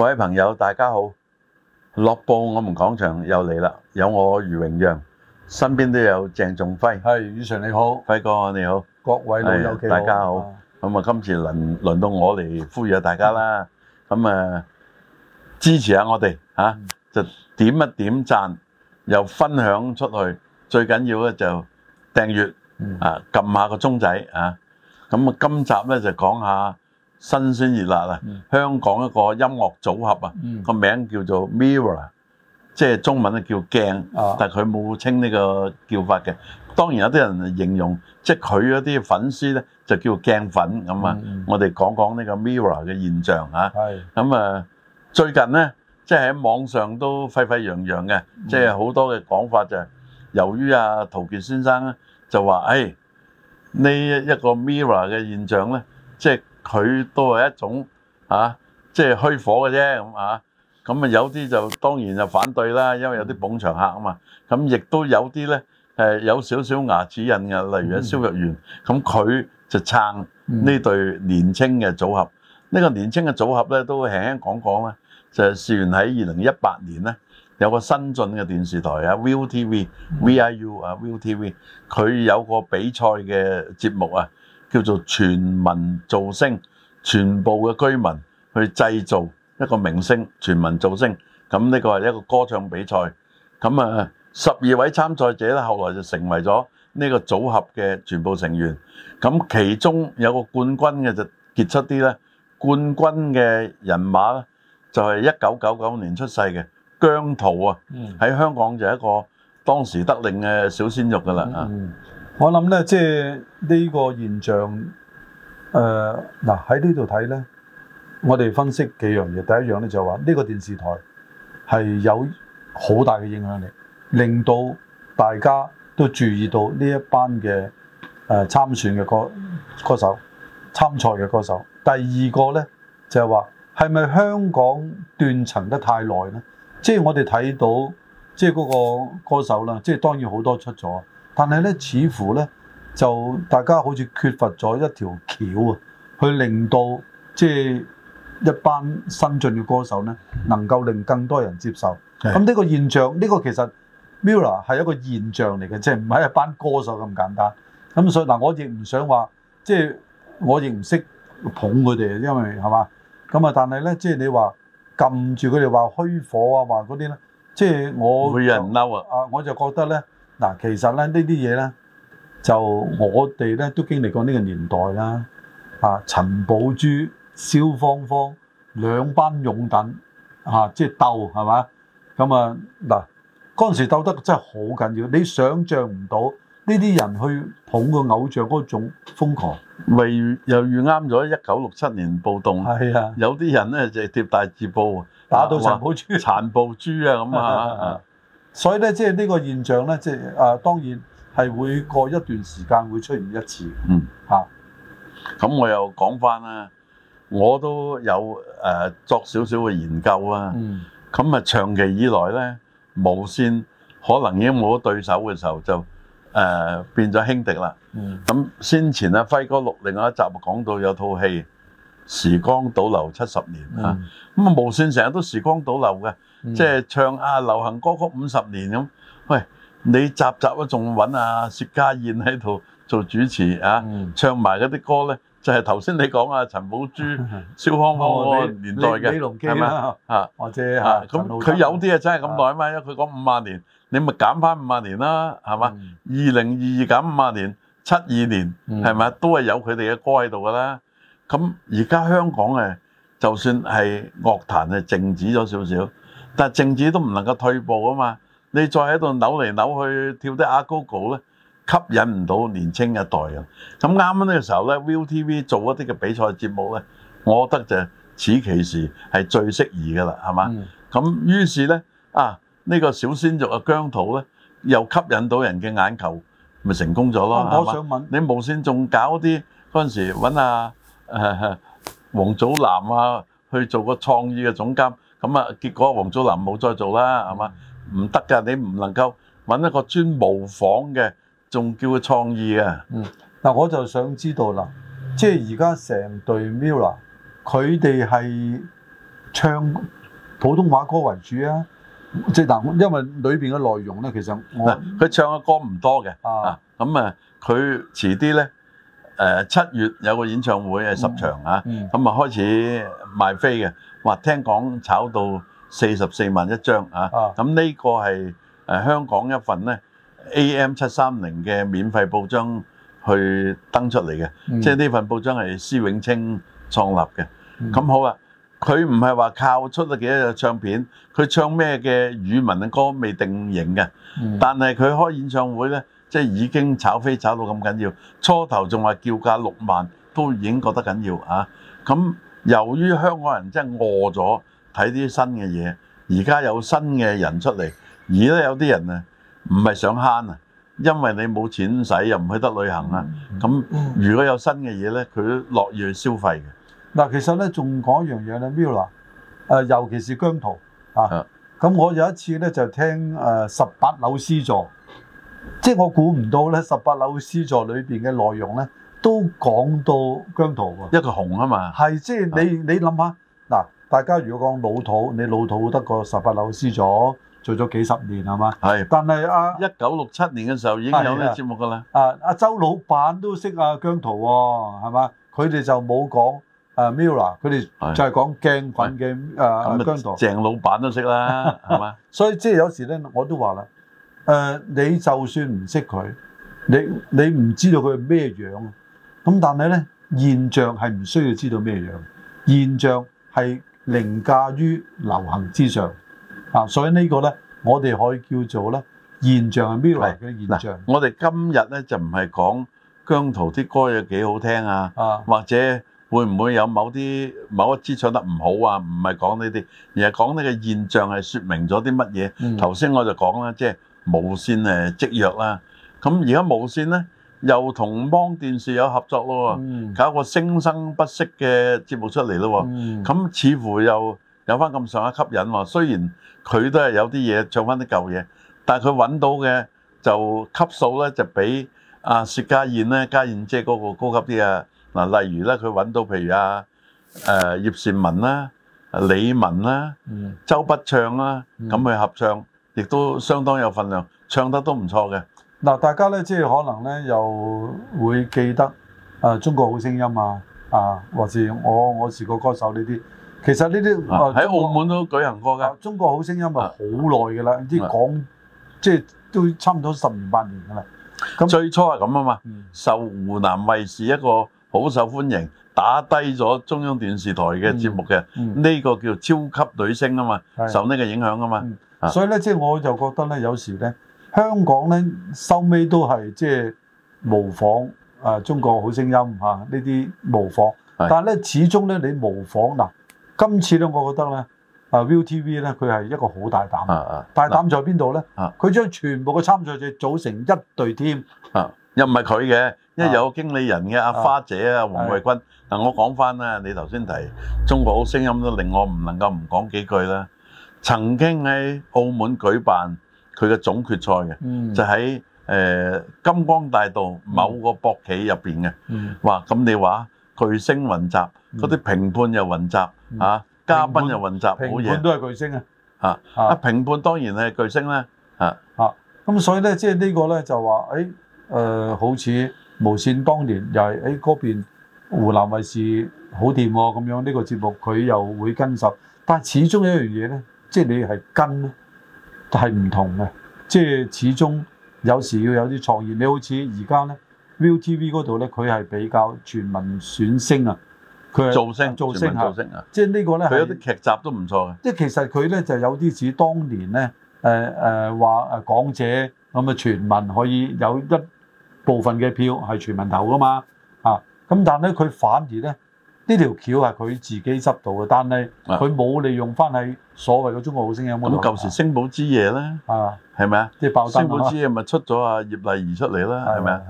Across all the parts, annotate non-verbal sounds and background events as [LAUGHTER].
各位朋友，大家好！樂報我們講場又嚟啦，有我余榮讓，身邊都有鄭仲輝。係，余 Sir 你好，輝哥你好，各位老友，大家好。咁啊，今次輪輪到我嚟呼籲下大家啦。咁啊，支持下我哋啊，就點一點讚，又分享出去。最緊要咧就訂閱啊，撳下個鐘仔啊。咁啊，今集咧就講下。新鮮熱辣啊！香港一個音樂組合啊，個名叫做 Mirror，即係中文咧叫鏡，但係佢冇稱呢個叫法嘅。當然有啲人形容，即係佢嗰啲粉絲咧就叫鏡粉咁啊。我哋講講呢個 Mirror 嘅現象啊。係。咁啊，最近咧即係喺網上都沸沸揚揚嘅，即係好多嘅講法就係由於阿陶傑先生咧就話，誒呢一一個 Mirror 嘅現象咧，即係。佢都係一種嚇，即係虛火嘅啫咁嚇，咁啊有啲就當然就反對啦，因為有啲捧場客啊嘛，咁亦都有啲咧誒有少少牙齒印嘅，例如阿蕭若元，咁佢就撐呢對年青嘅組合。呢個年青嘅組合咧都會輕輕講講咧，就係事緣喺二零一八年咧有個新進嘅電視台啊，Viu TV、Viu 啊、Viu TV，佢有個比賽嘅節目啊。叫做全民造星，全部嘅居民去製造一個明星，全民造星。咁呢個係一個歌唱比賽。咁啊，十二位參賽者咧，後來就成為咗呢個組合嘅全部成員。咁其中有個冠軍嘅就傑出啲咧，冠軍嘅人馬咧就係一九九九年出世嘅姜濤啊。喺香港就係一個當時得令嘅小鮮肉噶啦啊。我諗咧，即係呢個現象，誒嗱喺呢度睇咧，我哋分析幾樣嘢。第一樣咧就係話，呢個電視台係有好大嘅影響力，令到大家都注意到呢一班嘅誒參選嘅歌歌手、參賽嘅歌手。第二個咧就係話，係咪香港斷層得太耐咧？即係我哋睇到，即係嗰個歌手啦，即係當然好多出咗。但係咧，似乎咧就大家好似缺乏咗一條橋啊，去令到即係、就是、一班新晉嘅歌手咧，能夠令更多人接受。咁呢是的 個現象，呢、這個其實 Mirror 係一個現象嚟嘅，即係唔係一班歌手咁簡單。咁所以嗱，我亦唔想話即係我亦唔識捧佢哋，因為係嘛。咁啊，但係咧，即、就、係、是、你話撳住佢哋話虛火啊，話嗰啲咧，即、就、係、是、我有人嬲啊！啊，我就覺得咧。嗱，其實咧呢啲嘢咧，就我哋咧都經歷過呢個年代啦。啊，陳寶珠、蕭芳芳兩班勇等啊，即係鬥係嘛？咁啊嗱，嗰陣時鬥得真係好緊要，你想象唔到呢啲人去捧個偶像嗰種瘋狂。咪又遇啱咗一九六七年暴動。係啊，有啲人咧就貼大字報，打到陳寶珠、殘暴珠啊咁啊。所以咧，即係呢個現象咧，即係誒，當然係會過一段時間會出現一次。嗯。咁、啊、我又講翻啦，我都有誒、呃、作少少嘅研究啦。嗯。咁啊，長期以來咧，無線可能已經冇咗對手嘅時候，就誒、呃、變咗輕敵啦。嗯。咁先前咧，輝哥錄另一集講到有套戲。時光倒流七十年啊！咁啊，無線成日都時光倒流嘅，即係唱啊流行歌曲五十年咁。喂，你集集都仲揾啊薛家燕喺度做主持啊，唱埋嗰啲歌咧，就係頭先你講啊陳寶珠、蕭芳芳個年代嘅，係嘛啊？或者啊，咁佢有啲啊真係咁耐啊嘛，因為佢講五萬年，你咪減翻五萬年啦，係嘛？二零二二減五萬年，七二年係咪啊？都係有佢哋嘅歌喺度噶啦。咁而家香港誒，就算係樂壇係靜止咗少少，但係靜止都唔能夠退步啊嘛！你再喺度扭嚟扭去跳啲阿哥哥咧，吸引唔到年輕一代嘅。咁啱啱呢個時候咧，ViuTV 做一啲嘅比賽節目咧，我覺得就此其時係最適宜嘅啦，係嘛？咁於是咧，啊呢個小鮮肉嘅姜濤咧，又吸引到人嘅眼球，咪成功咗咯，係嘛？我想問你無線仲搞啲嗰陣時揾阿～誒，王祖藍啊，去做個創意嘅總監，咁啊，結果王祖藍冇再做啦，係嘛？唔得㗎，你唔能夠搵一個專模仿嘅，仲叫佢創意啊？嗯，嗱，我就想知道啦，即係而家成隊 Mirror，佢哋係唱普通話歌為主啊？即係嗱，因為裏邊嘅內容咧，其實我佢唱嘅歌唔多嘅啊，咁啊，佢、啊、遲啲咧。誒，七月有個演唱會係十場啊，咁啊，開始賣飛嘅，話聽講炒到四十四萬一張啊，咁呢個係誒香港一份咧 AM 七三零嘅免費報章去登出嚟嘅，即係呢份報章係施永青創立嘅，咁好啊，佢唔係話靠出咗幾多隻唱片，佢唱咩嘅語文嘅歌未定型嘅，但係佢開演唱會咧。即係已經炒飛炒到咁緊要，初頭仲話叫價六萬，都已經覺得緊要啊！咁由於香港人真係餓咗，睇啲新嘅嘢，而家有新嘅人出嚟，而家有啲人啊唔係想慳啊，因為你冇錢使又唔去得旅行啦。咁如果有新嘅嘢咧，佢都樂意去消費嘅。嗱，其實咧仲講一樣嘢咧，Mirror 嗱，誒尤其是姜濤啊。咁我有一次咧就聽誒十八樓 C 座。即係我估唔到咧，十八樓師座裏邊嘅內容咧，都講到姜濤喎，一個紅啊嘛。係，即、就、係、是、你是的 你諗下，嗱，大家如果講老土，你老土得過十八樓師座做咗幾十年係嘛？係。是的但係啊，一九六七年嘅時候已經有呢個節目㗎啦的。啊，阿周老闆都識啊，姜濤濤喎，係嘛？佢哋就冇講啊 Mirror，佢哋就係講鏡粉嘅咁，姜濤。鄭老闆都識啦，係嘛？ [LAUGHS] 所以即係有時咧，我都話啦。誒，你就算唔識佢，你你唔知道佢係咩樣，咁但係咧現象係唔需要知道咩樣，現象係凌駕於流行之上啊！所以呢個咧，我哋可以叫做咧現象係 Mirror 嘅現象？嗱，我哋今日咧就唔係講姜濤啲歌有幾好聽啊，或者會唔會有某啲某一支唱得唔好啊？唔係講呢啲，而係講呢個現象係説明咗啲乜嘢？頭先我就講啦，即係。無線誒積弱啦，咁而家無線咧又同芒電視有合作咯，嗯、搞個聲生不息嘅節目出嚟咯，咁、嗯、似乎又有翻咁上下吸引喎。雖然佢都係有啲嘢唱翻啲舊嘢，但係佢揾到嘅就級數咧就比阿、啊、薛家燕咧家燕姐嗰個高級啲啊。嗱，例如咧佢揾到譬如阿誒葉倩文啦、李玟啦、嗯、周筆暢啦咁去合唱。亦都相當有份量，唱得都唔錯嘅。嗱、啊，大家咧，即係可能咧，又會記得啊，《中國好聲音》啊，啊，或是我我是個歌手呢啲。其實呢啲喺澳門都舉行過嘅。啊《中國好聲音很久》咪好耐嘅啦，唔知講即係都差唔多十年八年嘅啦。咁最初係咁啊嘛，嗯、受湖南衞視一個好受歡迎，打低咗中央電視台嘅節目嘅呢、嗯嗯、個叫超級女聲啊嘛，的受呢個影響啊嘛。嗯啊、所以咧，即係我就覺得咧，有時咧，香港咧收尾都係即係模仿啊，中國好聲音嚇呢啲模仿，啊、但係咧始終咧你模仿嗱，今次咧我覺得咧啊 ViuTV 咧佢係一個好大膽，大膽、啊、在邊度咧？佢將、啊、全部嘅參賽者組成一隊添、啊，又唔係佢嘅，因為有經理人嘅阿、啊啊、花姐啊、黃慧君，嗱、啊、我講翻啦，你頭先提中國好聲音都令我唔能夠唔講幾句啦。曾經喺澳門舉辦佢嘅總決賽嘅，嗯、就喺誒、呃、金光大道某個博企入邊嘅，話咁、嗯、你話巨星混雜，嗰啲評判又混雜嚇、嗯啊，嘉賓又混雜，評判都係巨星啊評、啊啊、判當然係巨星啦、啊。嚇、啊、咁、啊、所以咧即係呢個咧就話、呃、好似無線當年又係嗰邊湖南衛視好掂喎咁樣呢、這個節目佢又會跟受。但係始終有一樣嘢咧。即係你係跟，咧，係唔同嘅。即係始終有時要有啲創意。你好似而家咧 ViuTV 嗰度咧，佢係比較全民選星，星啊。佢造星造星，造星啊。即係呢個咧，佢有啲劇集都唔錯嘅。即係其實佢咧就有啲似當年咧，誒誒話誒港姐咁啊，全民可以有一部分嘅票係全民投噶嘛。嚇、啊！咁但係咧，佢反而咧。呢條橋係佢自己執到嘅，但係佢冇利用翻喺所謂嘅中國好聲音咁舊、啊、時星寶之夜咧，係咪啊？即係爆燈。星寶之夜咪出咗阿葉麗儀出嚟啦，係咪啊？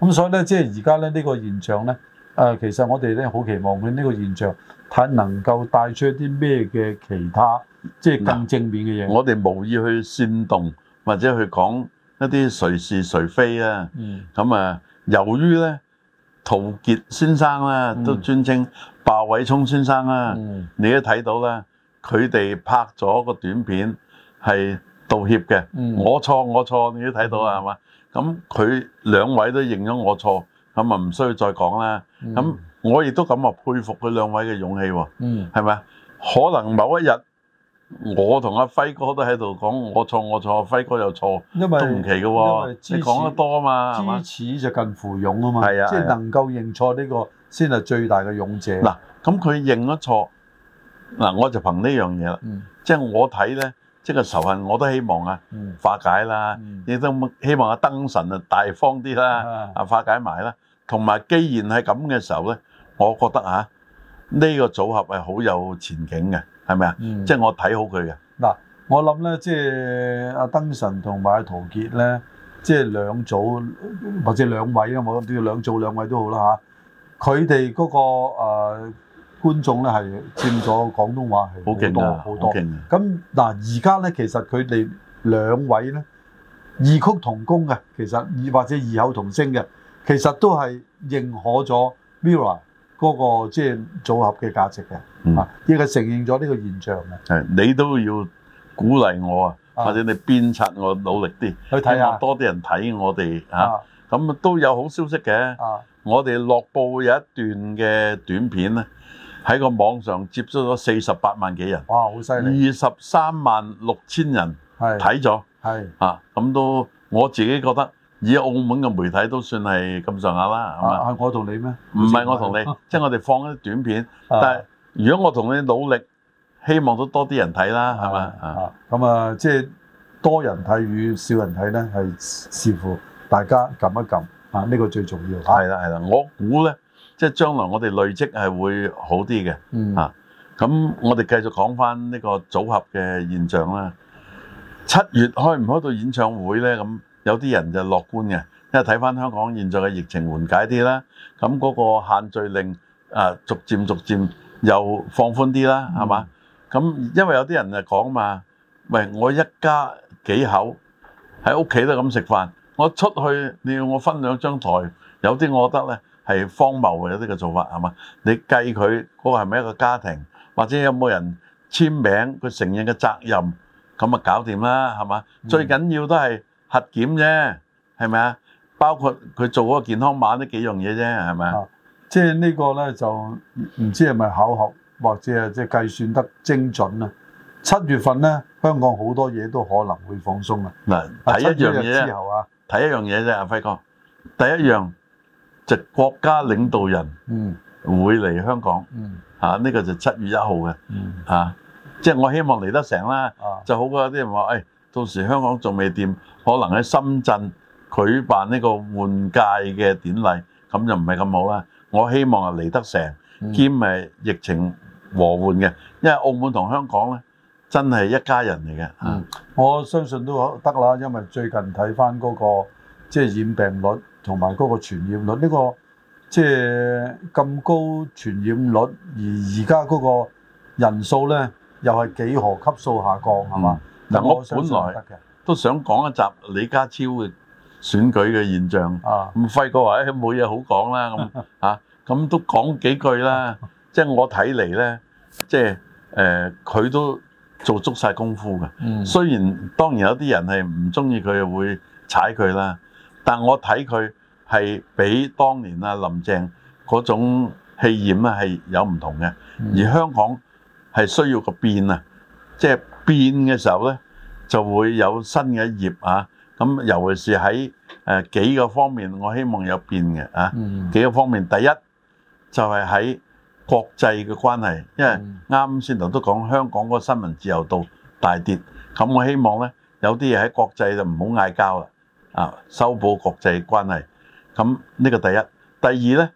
咁所以咧，即係而家咧呢個現象咧，誒、呃、其實我哋咧好期望佢呢個現象，睇能夠帶出一啲咩嘅其他，即係更正面嘅嘢、啊。我哋無意去煽動或者去講一啲誰是誰非啦、啊。咁、嗯、啊，由於咧。陶傑先生啦，都尊稱鮑偉聰先生啦。嗯、你都睇到啦，佢哋拍咗個短片係道歉嘅、嗯，我錯我錯，你都睇到啦，係嘛？咁佢兩位都認咗我錯，咁啊唔需要再講啦。咁、嗯、我亦都咁啊佩服佢兩位嘅勇氣喎，係咪、嗯、可能某一日。我同阿輝哥都喺度講，我錯我錯，輝哥又錯，因為都唔奇嘅喎。你講得多嘛？嘛？知恥就近乎勇吧啊嘛。即係能夠認錯呢個先係最大嘅勇者。嗱、啊，咁佢、啊、認咗錯，嗱我就憑、嗯、就我呢樣嘢啦。即係我睇咧，即係仇恨我都希望啊化解啦。亦、嗯、都希望阿、啊、燈神啊大方啲啦，啊化解埋啦。同埋既然係咁嘅時候咧，我覺得啊，呢、這個組合係好有前景嘅。係咪啊？即係我睇好佢嘅。嗱，我諗咧，即係阿登神同埋阿陶傑咧，即係兩組或者兩位啊，我諗都要兩組兩位都好啦嚇。佢哋嗰個誒觀眾咧，係佔咗廣東話係好多好多。咁嗱，而家咧其實佢哋兩位咧異曲同工嘅，其實或者異口同聲嘅，其實都係認可咗 Mirror。嗰個即係組合嘅價值嘅，啊、嗯，亦係承認咗呢個現象嘅。係你都要鼓勵我啊，或者你鞭策我努力啲，去睇下多啲人睇我哋嚇。咁、啊啊、都有好消息嘅。啊、我哋落報有一段嘅短片咧，喺個網上接觸咗四十八萬幾人，哇，好犀利！二十三萬六千人睇咗，係啊，咁都我自己覺得。以澳門嘅媒體都算係咁上下啦，係嘛、啊？我同你咩？唔係我同你，即係 [LAUGHS] 我哋放一啲短片。啊、但係如果我同你努力，希望都多啲人睇啦，係嘛、啊？啊，咁啊，即、啊、係、即係、多人睇與少人睇咧，係視乎大家撳一撳啊！呢、呢個最重要。係、啊、啦，係啦，我估咧，即係將來我哋累積係會好啲嘅。嗯咁、啊、我哋繼續講翻呢個組合嘅現象啦。七月開唔開到演唱會咧？咁、嗯。有啲人就樂觀嘅，因為睇翻香港現在嘅疫情緩解啲啦，咁嗰個限聚令啊，逐漸逐漸又放寬啲啦，係嘛？咁因為有啲人就講嘛，喂，我一家幾口喺屋企都咁食飯，我出去你要我分兩張台，有啲我覺得咧係荒謬嘅，有啲嘅做法係嘛？你計佢嗰個係咪一個家庭，或者有冇人簽名佢承認嘅責任，咁啊搞掂啦，係嘛？最緊要都係。核檢啫，係咪啊？包括佢做嗰個健康碼呢幾樣嘢啫，係咪啊？即係呢個咧就唔知係咪巧合，或者係即係計算得精準。七月份咧，香港好多嘢都可能會放鬆嗱，睇一樣嘢之後啊，睇、啊、一樣嘢啫。阿輝哥，第一樣就、國家領導人會嚟香港。嚇、嗯，呢、啊呢個就七月一號嘅。嚇、嗯啊，即係我希望嚟得成啦，啊、就好過有啲人話誒。哎到時香港仲未掂，可能喺深圳舉辦呢個換屆嘅典禮，咁就唔係咁好啦。我希望係嚟得成，兼係疫情和緩嘅，因為澳門同香港咧真係一家人嚟嘅。我相信都得啦，因為最近睇返嗰個即係染病率同埋嗰個傳染率，呢個即係咁高傳染率，而而家嗰個人數咧又係幾何級數下降，係嘛？嗱，我本來都想講一集李家超嘅選舉嘅現象，唔、啊、輝哥話，哎冇嘢好講啦，咁咁都講幾句啦。即係、啊、我睇嚟咧，即係誒佢都做足晒功夫嘅。嗯、雖然當然有啲人係唔中意佢，會踩佢啦，但我睇佢係比當年阿林鄭嗰種氣焰咧係有唔同嘅。嗯、而香港係需要個變啊，即係。變嘅時候咧，就會有新嘅一頁啊！咁尤其是喺誒幾個方面，我希望有變嘅啊。幾個方面，第一就係喺國際嘅關係，因為啱先頭都講香港嗰個新聞自由度大跌，咁我希望咧有啲嘢喺國際就唔好嗌交啦啊，修補國際關係。咁呢個第一，第二咧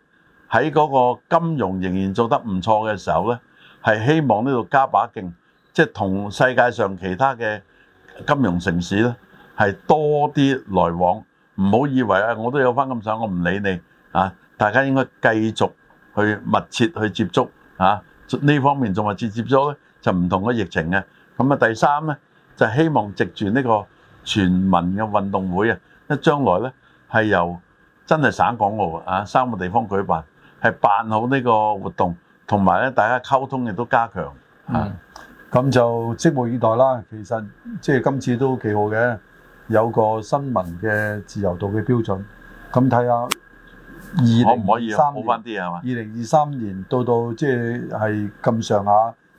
喺嗰個金融仍然做得唔錯嘅時候咧，係希望呢度加把勁。即係同世界上其他嘅金融城市咧，係多啲來往。唔好以為啊，我都有返咁上下，我唔理你啊。大家應該繼續去密切去接觸啊。呢方面仲密切接觸咧，就唔同嘅疫情嘅。咁啊，第三咧就希望藉住呢個全民嘅運動會啊，一將來咧係由真係省港澳啊三個地方舉辦，係辦好呢個活動，同埋咧大家溝通亦都加強啊。咁就拭目以待啦。其實即係今次都幾好嘅，有個新聞嘅自由度嘅標準。咁睇下二零三二零二三年到到即係係咁上下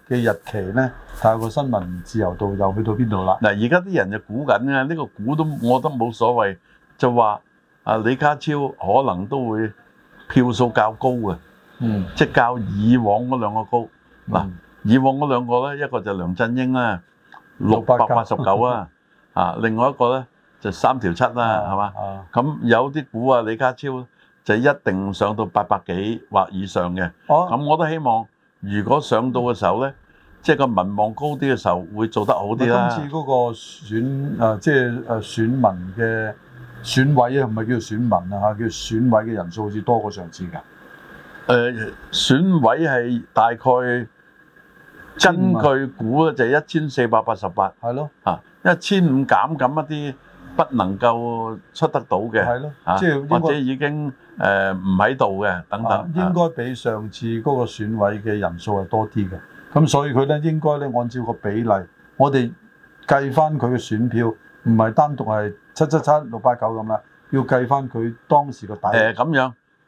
嘅日期咧，睇下個新聞自由度又去到邊度啦。嗱，而家啲人就估緊啊，呢個估都，我都冇所謂。就話啊，李家超可能都會票數較高嘅，嗯，即係較以往嗰兩個高嗱。以往嗰兩個咧，一個就梁振英啦，六百八十九啊，另外一個咧就三條七啦，係嘛？ [LAUGHS] 咁有啲股啊，李家超就一定上到八百幾或以上嘅。哦、啊，咁我都希望，如果上到嘅時候咧，即係個民望高啲嘅時候，會做得好啲啦。今次嗰個選即係、呃就是、選民嘅選委，啊，係咪叫選民啊？叫選委嘅人數好似多過上次㗎、呃。選委係大概。根據估計就係一千四百八十八，係咯，啊一千五減咁一啲不能夠出得到嘅，係咯，啊即或者已經誒唔喺度嘅等等、啊，應該比上次嗰個選委嘅人數係多啲嘅，咁所以佢咧應該咧按照個比例，我哋計翻佢嘅選票，唔係單獨係七七七六八九咁啦，要計翻佢當時嘅底。誒咁樣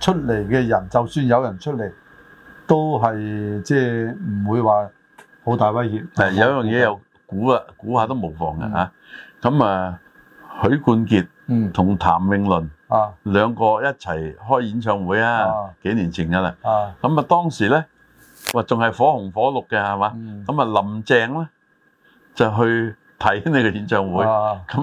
出嚟嘅人，就算有人出嚟，都係即係唔會話好大威脅。係有樣嘢又估啊，估下都無妨嘅嚇。咁、嗯、啊，許冠傑同譚詠麟啊兩個一齊開演唱會啊，幾年前㗎啦。啊咁啊，當時咧話仲係火紅火綠嘅係嘛。咁啊，嗯、林鄭咧就去睇你嘅演唱會。咁、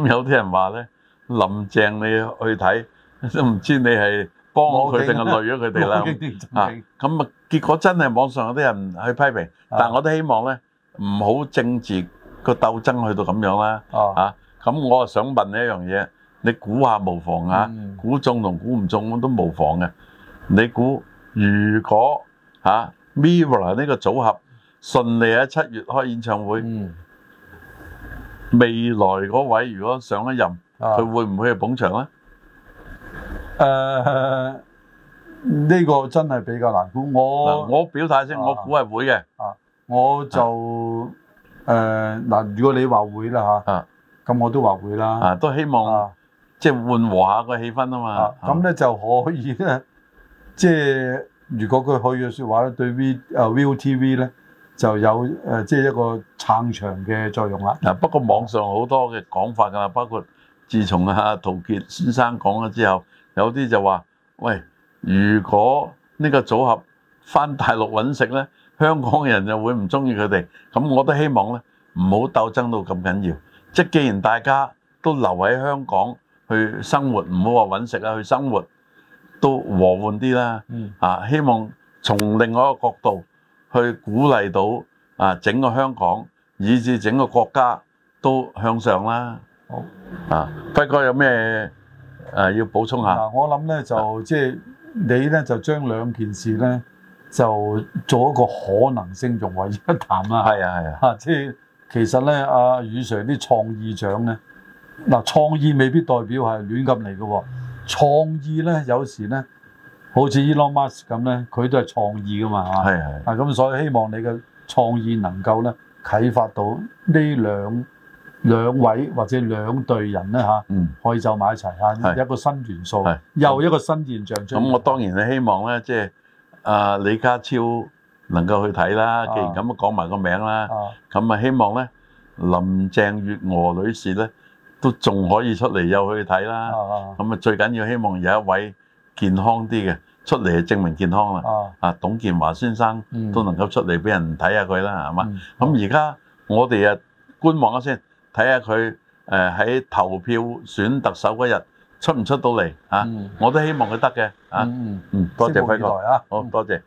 啊、有啲人話咧，林鄭你去睇都唔知你係。幫佢定係累咗佢哋啦嚇，咁啊，結果真係網上有啲人去批評，但係我都希望咧唔好政治個鬥爭去到咁樣啦嚇，咁我就想問你一樣嘢，你估下無妨啊，估中同估唔中都無妨嘅。你估如果嚇 Mirror 呢個組合順利喺七月開演唱會，未來嗰位如果上一任，佢會唔會去捧場咧？誒，呢個真係比較難估，我我表態先，我估係會嘅。啊，我就誒嗱，如果你話會啦吓，咁我都話會啦，都希望即係緩和下個氣氛啊嘛。咁咧就可以咧，即係如果佢去嘅說話咧，對 V 誒 ViuTV 咧就有誒即係一個撐場嘅作用啦。嗱，不過網上好多嘅講法噶啦，包括自從阿陶傑先生講咗之後。有啲就話，喂，如果呢個組合翻大陸揾食呢，香港人就會唔中意佢哋，咁我都希望呢，唔好鬥爭到咁緊要。即既然大家都留喺香港去生活，唔好話揾食啊，去生活都和緩啲啦。嗯、啊，希望從另外一個角度去鼓勵到啊整個香港，以至整個國家都向上啦。啊，輝哥有咩？誒要補充下嗱、啊，我諗咧就即係、就是、你咧就將兩件事咧就做一個可能性融為一談啦。係啊係啊，嚇，即係其實咧，阿、啊、余 Sir 啲創意獎咧，嗱、啊、創意未必代表係亂咁嚟嘅喎。創意咧有時咧，好似 Elon Musk 咁咧，佢都係創意噶嘛嚇。係係啊，咁、啊、所以希望你嘅創意能夠咧啟發到呢兩。兩位或者兩隊人咧嚇，可以就埋一齊嚇，一個新元素，又一個新現象出嚟。咁我當然咧希望咧，即係啊李家超能夠去睇啦。既然咁講埋個名啦，咁啊希望咧林鄭月娥女士咧都仲可以出嚟又去睇啦。咁啊最緊要希望有一位健康啲嘅出嚟就證明健康啦。啊董建華先生都能夠出嚟俾人睇下佢啦，係嘛？咁而家我哋啊觀望一先。睇下佢喺投票選特首嗰日出唔出到嚟，我都希望佢得嘅。嗯嗯，多謝輝哥啊！好，多謝。